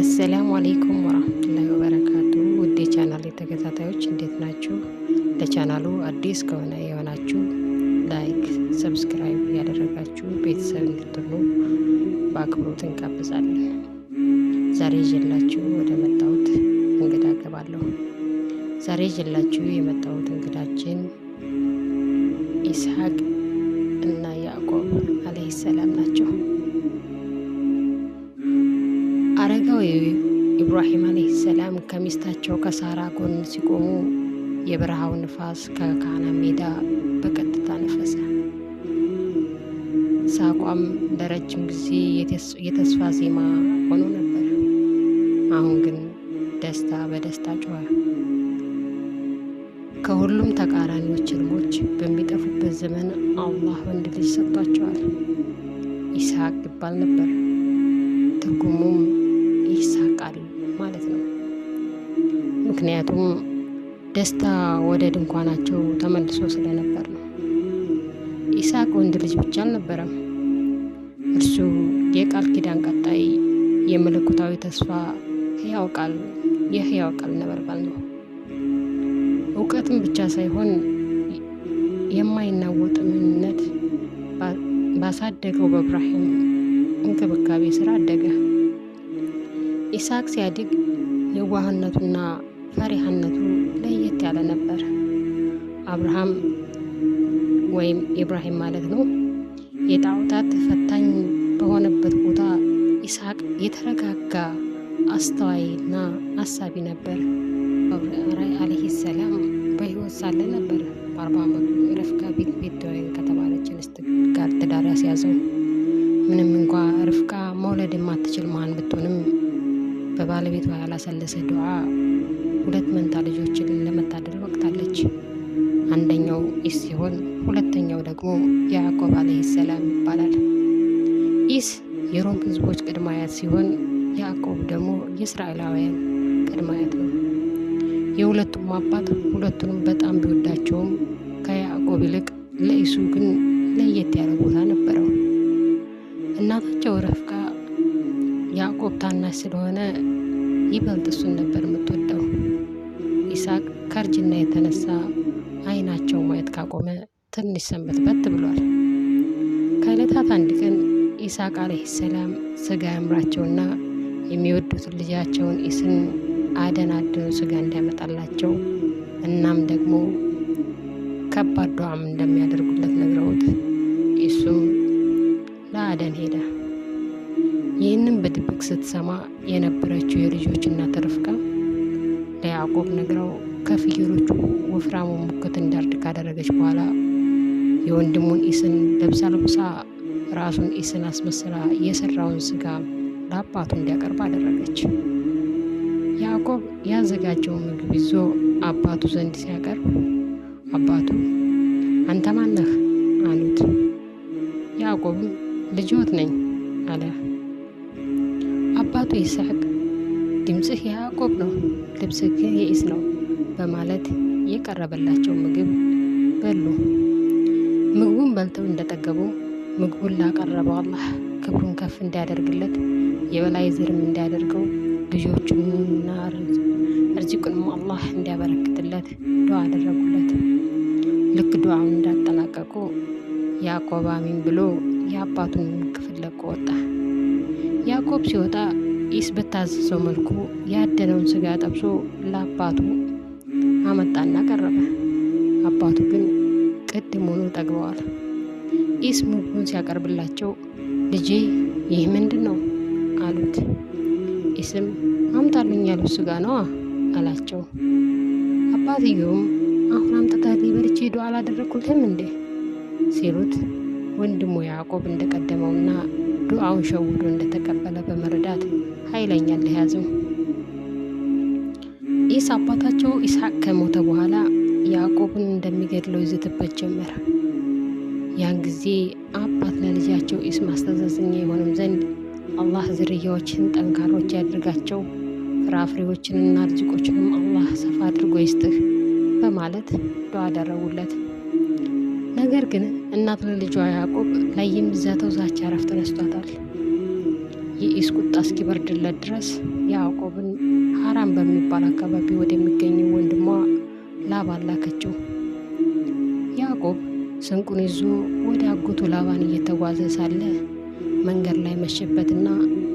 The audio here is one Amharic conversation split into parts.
አሰላሙ አሌይኩም ወራህመቱላሂ ወበረካቱ። ውድ የቻናል ተከታታዮች እንዴት ናችሁ? ለቻናሉ አዲስ ከሆነ የሆናችሁ ላይክ፣ ሰብስክራይብ ያደረጋችሁ ቤተሰብ እንድትሆኑ በአክብሮት እንጋብዛለን። ዛሬ ይዤላችሁ ወደ መጣሁት እንግዳ ገባለሁ። ዛሬ ይዤላችሁ የመጣሁት እንግዳችን ኢስሐቅ እና ያዕቆብ አለይሂ ሰላም ናቸው። ኢብራሂም አለይሂ ሰላም ከሚስታቸው ከሳራ ጎን ሲቆሙ የበረሃው ንፋስ ከካና ሜዳ በቀጥታ ነፈሰ። ሳቋም ለረጅም ጊዜ የተስፋ ዜማ ሆኖ ነበር። አሁን ግን ደስታ በደስታ ጮኸ። ከሁሉም ተቃራኒዎች ህልሞች በሚጠፉበት ዘመን አላህ ወንድ ልጅ ሰጥቷቸዋል። ይስሐቅ ይባል ነበር። ትርጉሙም ማለት ነው። ምክንያቱም ደስታ ወደ ድንኳናቸው ተመልሶ ስለነበር ነው። ይስሐቅ ወንድ ልጅ ብቻ አልነበረም። እርሱ የቃል ኪዳን ቀጣይ፣ የመለኮታዊ ተስፋ ህያው ቃል፣ የህያው ቃል ነበልባል ነው። እውቀትም ብቻ ሳይሆን የማይናወጥ ምንነት ባሳደገው በብርሃን እንክብካቤ ስራ አደገ። ኢሳቅ ሲያድግ የዋህነቱና ፈሪሃነቱ ለየት ያለ ነበር። አብርሃም ወይም ኢብራሂም ማለት ነው የጣዖታት ፈታኝ በሆነበት ቦታ ኢስቅ የተረጋጋ አስተዋይና አሳቢ ነበር። ራይ አለህ ሰላም በህይወት ሳለ ነበር በአርባ ዓመቱ ረፍቃ ቤት ቤትወይን ከተባለች እንስት ጋር ትዳር ያስያዘው። ምንም እንኳ ርፍቃ መውለድ የማትችል መሀን ብትሆንም በባለቤቷ ያላሰለሰ ዱዓ ሁለት መንታ ልጆችን ለመታደል ወቅታለች። አንደኛው ኢስ ሲሆን ሁለተኛው ደግሞ ያዕቆብ አለይሂ ሰላም ይባላል። ኢስ የሮም ህዝቦች ቅድመ አያት ሲሆን ያዕቆብ ደግሞ የእስራኤላውያን ቅድመ አያት ነው። የሁለቱም አባት ሁለቱንም በጣም ቢወዳቸውም ከያዕቆብ ይልቅ ለኢሱ ግን ለየት ያለ ቦታ ነበረው። እናታቸው ረፍቃ ያዕቆብ ታናሽ ስለሆነ ይበልጥ እሱን ነበር የምትወደው። ይስሐቅ ከእርጅና የተነሳ አይናቸው ማየት ካቆመ ትንሽ ሰንበት በት ብሏል። ከእለታት አንድ ቀን ኢስሐቅ አለይሂ ሰላም ስጋ ያምራቸውና የሚወዱትን ልጃቸውን ኢስን አደናድኑ ስጋ እንዲያመጣላቸው እናም ደግሞ ከባድ ዱዓም እንደሚያደርጉለት ነግረውት እሱም ለአደን ሄዳ ይህንን በድብቅ ስትሰማ የነበረችው የልጆች እናት ርብቃ ለያዕቆብ ነግረው ከፍየሎቹ ወፍራሙ ሙከት እንዳርድ ካደረገች በኋላ የወንድሙን ኢስን ለብሳ ለብሳ ራሱን ኢስን አስመስላ የሰራውን ስጋ ለአባቱ እንዲያቀርብ አደረገች። ያዕቆብ ያዘጋጀውን ምግብ ይዞ አባቱ ዘንድ ሲያቀርብ አባቱ አንተ ማነህ አሉት። ያዕቆብም ልጅዎት ነኝ አለ። አባቱ ይስሐቅ ድምፅህ የያዕቆብ ነው፣ ልብስህ ግን የኢስ ነው በማለት የቀረበላቸው ምግብ በሉ። ምግቡን በልተው እንደጠገቡ ምግቡን ላቀረበው አላህ ክብሩን ከፍ እንዲያደርግለት የበላይ ዘርም እንዲያደርገው ልጆቹንና እርዚቁንም አላህ እንዲያበረክትለት ዱዓ አደረጉለት። ልክ ዱዓውን እንዳጠናቀቁ ያዕቆብ አሚን ብሎ የአባቱን ክፍል ለቆ ወጣ። ያዕቆብ ሲወጣ ኢስ በታዘዘው መልኩ ያደነውን ስጋ ጠብሶ ለአባቱ አመጣና ቀረበ። አባቱ ግን ሆኖ ጠግበዋል። ኢስ ምግቡን ሲያቀርብላቸው ልጄ ይህ ምንድን ነው አሉት። ኢስም አምጣልኝ ያሉት ስጋ ነዋ አላቸው። አባትየውም አሁን አምጥተህ በልቼ ሄዶ አላደረግኩልህም እንዴ ሲሉት ወንድሙ ያዕቆብ እንደቀደመውና ዱዓውን ሸውዶ እንደተቀበለ በመረዳት ኃይለኛ እልህ ኢሳ አባታቸው ኢስሐቅ ከሞተ በኋላ ያዕቆብን እንደሚገድለው ይዘትበት ጀመረ። ያን ጊዜ አባት ለልጃቸው ኢስ ማስተዛዘኛ የሆንም ዘንድ አላህ ዝርያዎችን ጠንካሮች ያድርጋቸው፣ ፍራፍሬዎችንና ርዝቆችንም አላህ ሰፋ አድርጎ ይስጥህ በማለት ዱዓ አደረጉለት። ነገር ግን እናት ለልጇ ያዕቆብ ላይ የሚዛተው ዛቻ ረፍት ነስቷታል። የኢስ ቁጣ እስኪበርድለት ድረስ ያዕቆብን ሀራን በሚባል አካባቢ ወደሚገኘው ወንድሟ ላባ ላከችው። ያዕቆብ ስንቁን ይዞ ወደ አጎቱ ላባን እየተጓዘ ሳለ መንገድ ላይ መሸበትና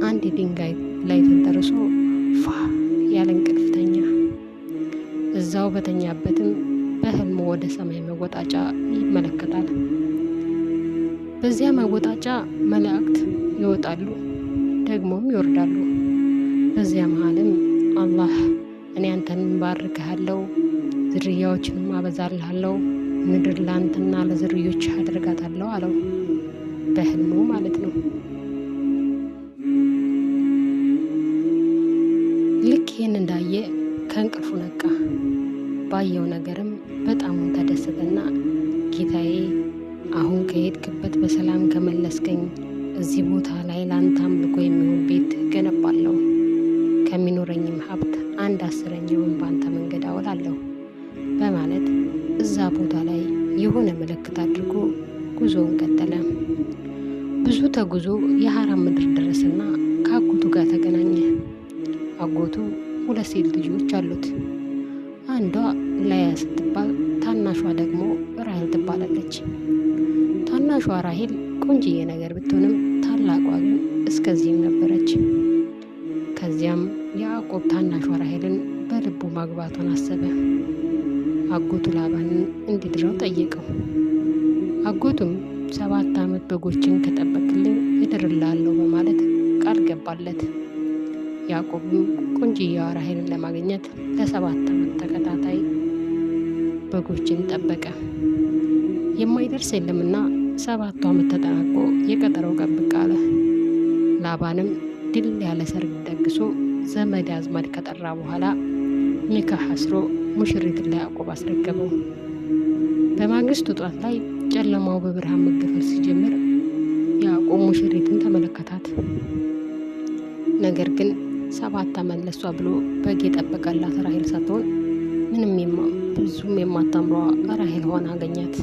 አንድ ድንጋይ ላይ ተንጠርሶ ፋ ያለ እንቅልፍ ተኛ። እዛው በተኛበትም በህልሙ ወደ ሰማይ መወጣጫ ይመለከታል። በዚያ መወጣጫ መላእክት ይወጣሉ። ደግሞም ይወርዳሉ። በዚያ መሃልም አላህ እኔ አንተን ባርክሃለው፣ ዝርያዎችንም አበዛልሃለው፣ ምድር ለአንተና ለዝርዮች አደርጋታለሁ አለው በህልሙ ማለት ነው። የሆነ ምልክት አድርጎ ጉዞውን ቀጠለ። ብዙ ተጉዞ የሀራም ምድር ድረስና ከአጎቱ ጋር ተገናኘ። አጎቱ ሁለት ሴት ልጆች አሉት። አንዷ ላያ ስትባል፣ ታናሿ ደግሞ ራሄል ትባላለች። ታናሿ ራሄል ቆንጅዬ ነገር ብትሆንም ታላቋ ግን እስከዚህም ነበረች። ከዚያም ያዕቆብ ታናሿ ራሄልን በልቡ ማግባቷን አሰበ። አጎቱ ላባንን እንዲድረው ጠየቀው። አጎቱም ሰባት ዓመት በጎችን ከጠበቅልኝ እድርላለሁ በማለት ቃል ገባለት። ያዕቆብም ቆንጅየዋ ራሔልን ለማግኘት ለሰባት ዓመት ተከታታይ በጎችን ጠበቀ። የማይደርስ የለምና ሰባቱ ዓመት ተጠናቆ የቀጠረው ቀን አለ። ላባንም ድል ያለ ሰርግ ደግሶ ዘመድ አዝማድ ከጠራ በኋላ ኒካህ አስሮ ሙሽሪትን ለያዕቆብ አስረከበው። በማግስቱ ጧት ላይ ጨለማው በብርሃን መገፈል ሲጀምር ያዕቆብ ሙሽሪትን ተመለከታት። ነገር ግን ሰባት ዓመት ለሷ ብሎ በግ የጠበቀላት ራሄል ሳትሆን ምንም ብዙም የማታምሯ ራሄል ሆና አገኛት።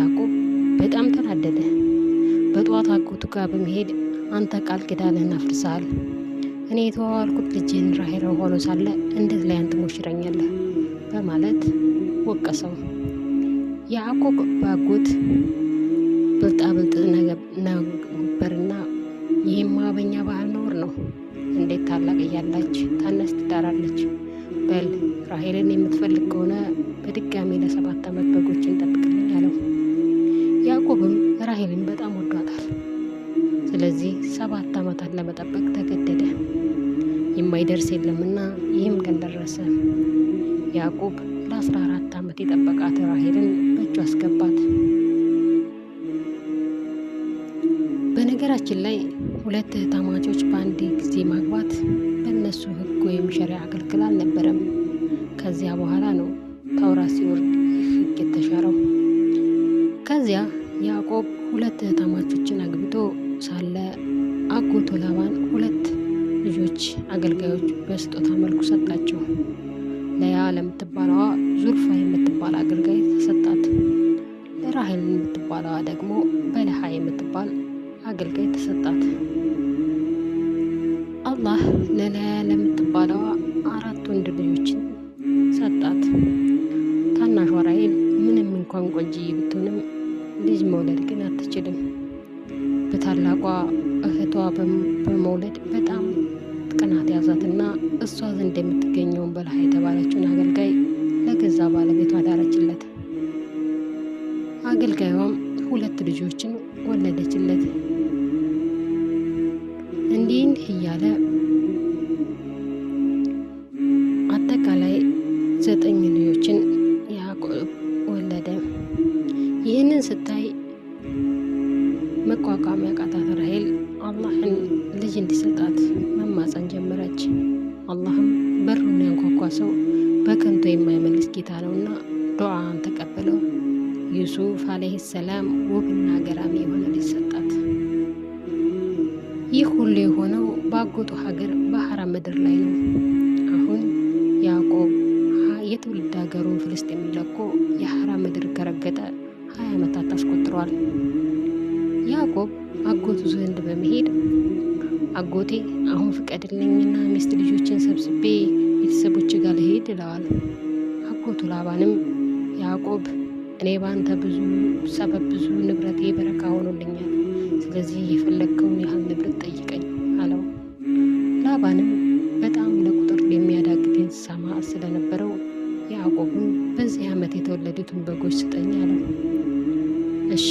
ያዕቆብ በጣም ተናደደ። በጠዋት አጎቱ ጋር በመሄድ አንተ ቃል ኪዳንህን አፍርሰሃል እኔ የተዋዋልኩት ልጅን ራሄል ሆኖ ሳለ እንዴት ላያን ትሞሽረኛለህ? በማለት ወቀሰው። ያዕቆብ ባጎት ብልጣብልጥ ነበርና ይህማ በኛ ባህል ነውር ነው። እንዴት ታላቅ እያላች ታነስ ትዳራለች? በል ራሄልን የምትፈልግ ከሆነ በድጋሚ ለሰባት ዓመት በጎችን ጠብቅልኝ አለው። ያዕቆብም ራሄልን በጣም ወደ ስለዚህ ሰባት አመታት ለመጠበቅ ተገደደ። የማይደርስ የለምና ይህም ቀን ደረሰ። ያዕቆብ ለአስራ አራት ዓመት የጠበቃት ራሄልን በእጁ አስገባት። በነገራችን ላይ ሁለት እህትማማቾች በአንድ ጊዜ ማግባት በእነሱ ህግ ወይም ሸሪያ አገልግል አልነበረም። ከዚያ በኋላ ነው ተውራት ሲወርድ ይህ ህግ የተሻረው። ከዚያ ያዕቆብ ሁለት እህትማማቾችን አግብቶ ሳለ አጎቶ ላባን ሁለት ልጆች አገልጋዮች በስጦታ መልኩ ሰጣቸው። ለያ ለምትባለዋ ዙርፋ የምትባል አገልጋይ ተሰጣት። ለራሄል የምትባለዋ ደግሞ በለሃ የምትባል አገልጋይ ተሰጣት። አላህ ለለያ ለምትባለዋ አራት ወንድ ልጆችን ሰጣት። ታናሿ ራሄል ምንም እንኳን ቆንጅዬ ብትሆንም ልጅ መውለድ ግን አትችልም። እህቷ በመውለድ በጣም ቅናት ያዛትና እሷ ዘንድ የምትገኘውን በልሃ የተባለችውን አገልጋይ ለገዛ ባለቤቷ ዳረችለት። አገልጋዩም ሁለት ልጆችን ወለደችለት። እንዲህ እያለ እንዲሰጣት መማፀን ጀመረች። አላህም በሩን ያንኳኳ ሰው በከንቱ የማይመልስ ጌታ ነውና ዱዓን ተቀበለው። ዩሱፍ አለይሂ ሰላም ውብና ገራሚ የሆነ ልጅ ሰጣት። ይህ ሁሉ የሆነው በአጎጡ ሀገር በሐራም ምድር ላይ ነው። አሁን ያዕቆብ የትውልድ ሀገሩን ፍልስጤም ለቆ የሐራም ምድር ከረገጠ ሀያ ዓመታት አስቆጥሯል። ያዕቆብ አጎቱ ዘንድ በመሄድ አጎቴ አሁን ፍቀድልኝና ሚስት ልጆችን ሰብስቤ ቤተሰቦች ጋር ልሄድ ይለዋል። አጎቱ ላባንም ያዕቆብ እኔ ባንተ ብዙ ሰበብ ብዙ ንብረቴ በረካ ሆኖልኛል፣ ስለዚህ የፈለግከውን ያህል ንብረት ጠይቀኝ አለው። ላባንም በጣም ለቁጥር የሚያዳግት እንስሳ ስለነበረው ያዕቆብን በዚህ ዓመት የተወለዱትን በጎች ስጠኝ አለው። እሺ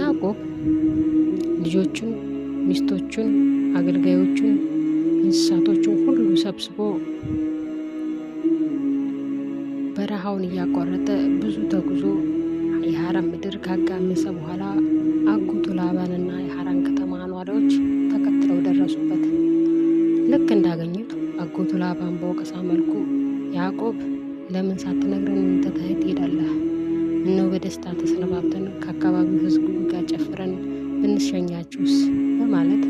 ያዕቆብ ልጆቹን ሚስቶቹን፣ አገልጋዮቹን፣ እንስሳቶቹን ሁሉ ሰብስቦ በረሃውን እያቋረጠ ብዙ ተጉዞ የሀራን ምድር ካጋመሰ በኋላ አጎቱ ላባንና የሀራን ከተማ ኗሪዎች ተከትለው ደረሱበት። ልክ እንዳገኙት አጎቱ ላባን በወቀሳ መልኩ ያዕቆብ ለምን ሳትነግረን ትተኸኝ ትሄዳለህ? እነሆ በደስታ ተሰነባብተን ከአካባቢው ህዝቡ ጋር ጨፍረን ብንሸኛችሁስ በማለት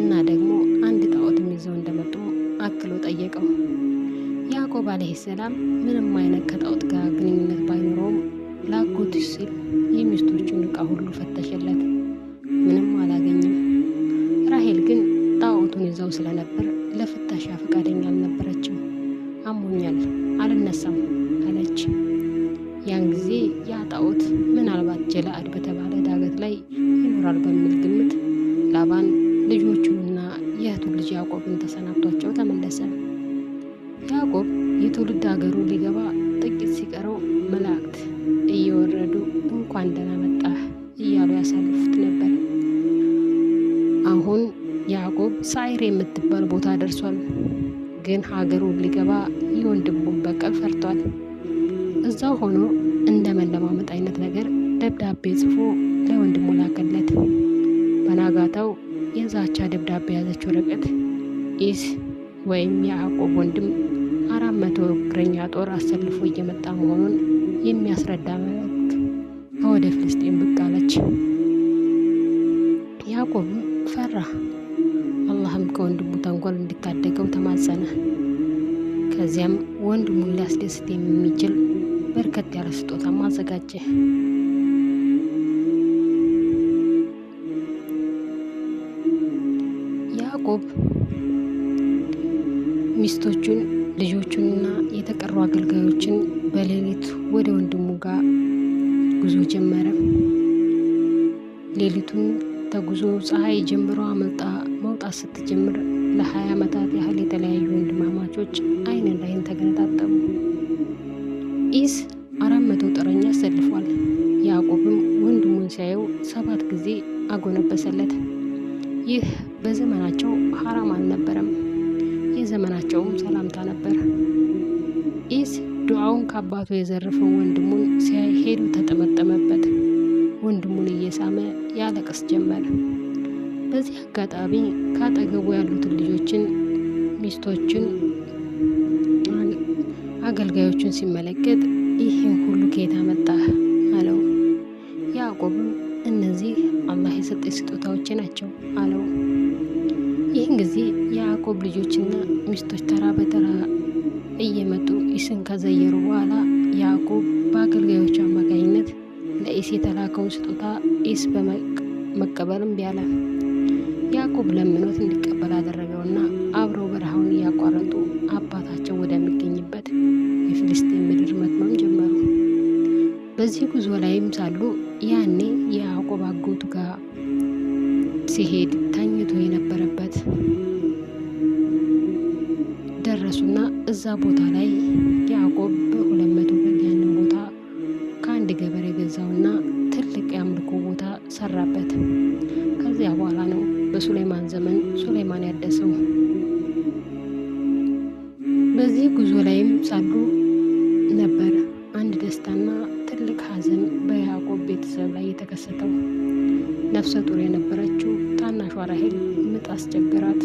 እና ደግሞ አንድ ጣዖትም ይዘው እንደመጡ አክሎ ጠየቀው። ያዕቆብ ዓለይሂ ሰላም ምንም አይነት ከጣዖት ጋር ግንኙነት ባይኖረውም ላጎቱ ሲል የሚስቶቹን እቃ ሁሉ ፈተሸለት፣ ምንም አላገኝም። ራሄል ግን ጣዖቱን ይዘው ስለነበር ለፍተሻ ፈቃደኛ አልነበረችም። አሞኛል፣ አልነሳም አለች። ይኖራል በሚል ግምት ላባን ልጆቹንና የእህቱን ልጅ ያዕቆብን ተሰናብቷቸው ተመለሰ። ያዕቆብ የትውልድ ሀገሩ ሊገባ ጥቂት ሲቀረው መላእክት እየወረዱ እንኳን ደህና መጣህ እያሉ ያሳልፉት ነበር። አሁን ያዕቆብ ሳይር የምትባል ቦታ ደርሷል። ግን ሀገሩን ሊገባ የወንድሙን በቀል ፈርቷል። እዛው ሆኖ እንደ መለማመጥ አይነት ነገር ደብዳቤ ጽፎ ለወንድሙ ላከለት። በናጋታው የዛቻ ደብዳቤ የያዘች ወረቀት ኢስ ወይም የያዕቆብ ወንድም አራት መቶ እግረኛ ጦር አሰልፎ እየመጣ መሆኑን የሚያስረዳ መልእክት ከወደ ፍልስጤን ብቅ አለች። ፈራ። አላህም ከወንድሙ ተንኮል እንዲታደገው ተማጸነ። ከዚያም ወንድሙን ሊያስደስት የሚችል በርከት ያለ ስጦታም አዘጋጀ። ያዕቆብ ሚስቶቹን ልጆቹንና የተቀሩ አገልጋዮችን በሌሊት ወደ ወንድሙ ጋር ጉዞ ጀመረ። ሌሊቱን ተጉዞ ፀሐይ ጀምሮ መጣ መውጣት ስትጀምር ለሀያ ዓመታት ያህል የተለያዩ ወንድማማቾች አይንን ላይን ተገነጣጠሙ ኢስ አካባቢ ካጠገቡ ያሉትን ልጆችን፣ ሚስቶችን፣ አገልጋዮችን ሲመለከት ይህን ሁሉ ከየት መጣ አለው። ያዕቆብም እነዚህ አላህ የሰጠ ስጦታዎቼ ናቸው አለው። ይህን ጊዜ የያዕቆብ ልጆችና ሚስቶች ተራ በተራ እየመጡ ኢስን ከዘየሩ በኋላ ያዕቆብ በአገልጋዮቹ አማካኝነት ለኢስ የተላከውን ስጦታ ኢስ በመቀበልም ቢያለ ያዕቆብ ለምኖት እንዲቀበል አደረገውና አብረው በረሃውን እያቋረጡ አባታቸው ወደሚገኝበት የፊልስጤን ምድር መትመም ጀመሩ። በዚህ ጉዞ ላይም ሳሉ ያኔ የያዕቆብ አጎቱ ጋር ሲሄድ ተኝቶ የነበረበት ደረሱና እዛ ቦታ በሱሌማን ዘመን ሱሌማን ያደሰው። በዚህ ጉዞ ላይም ሳሉ ነበር፣ አንድ ደስታና ትልቅ ሐዘን በያዕቆብ ቤተሰብ ላይ የተከሰተው። ነፍሰ ጡር የነበረችው ታናሿ ራሄል ምጥ አስቸገራት።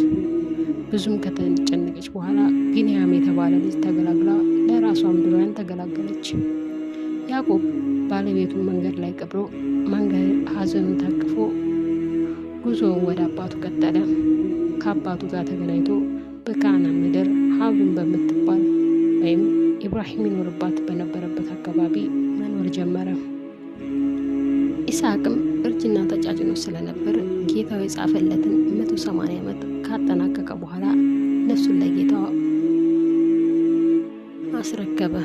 ብዙም ከተጨነቀች በኋላ ቢንያም የተባለ ልጅ ተገላግላ ለራሷም ድሮያን ተገላገለች። ያዕቆብ ባለቤቱን መንገድ ላይ ቀብሮ መንገድ ሐዘኑን ታቅፎ ጉዞ ወደ አባቱ ቀጠለ። ከአባቱ ጋር ተገናኝቶ በካና ምድር ሀቡን በምትባል ወይም ኢብራሂም ይኖርባት በነበረበት አካባቢ መኖር ጀመረ። ኢስሐቅም እርጅና ተጫጭኖ ስለነበር ጌታው የጻፈለትን መቶ ሰማንያ ዓመት ካጠናቀቀ በኋላ ነፍሱን ለጌታው አስረከበ።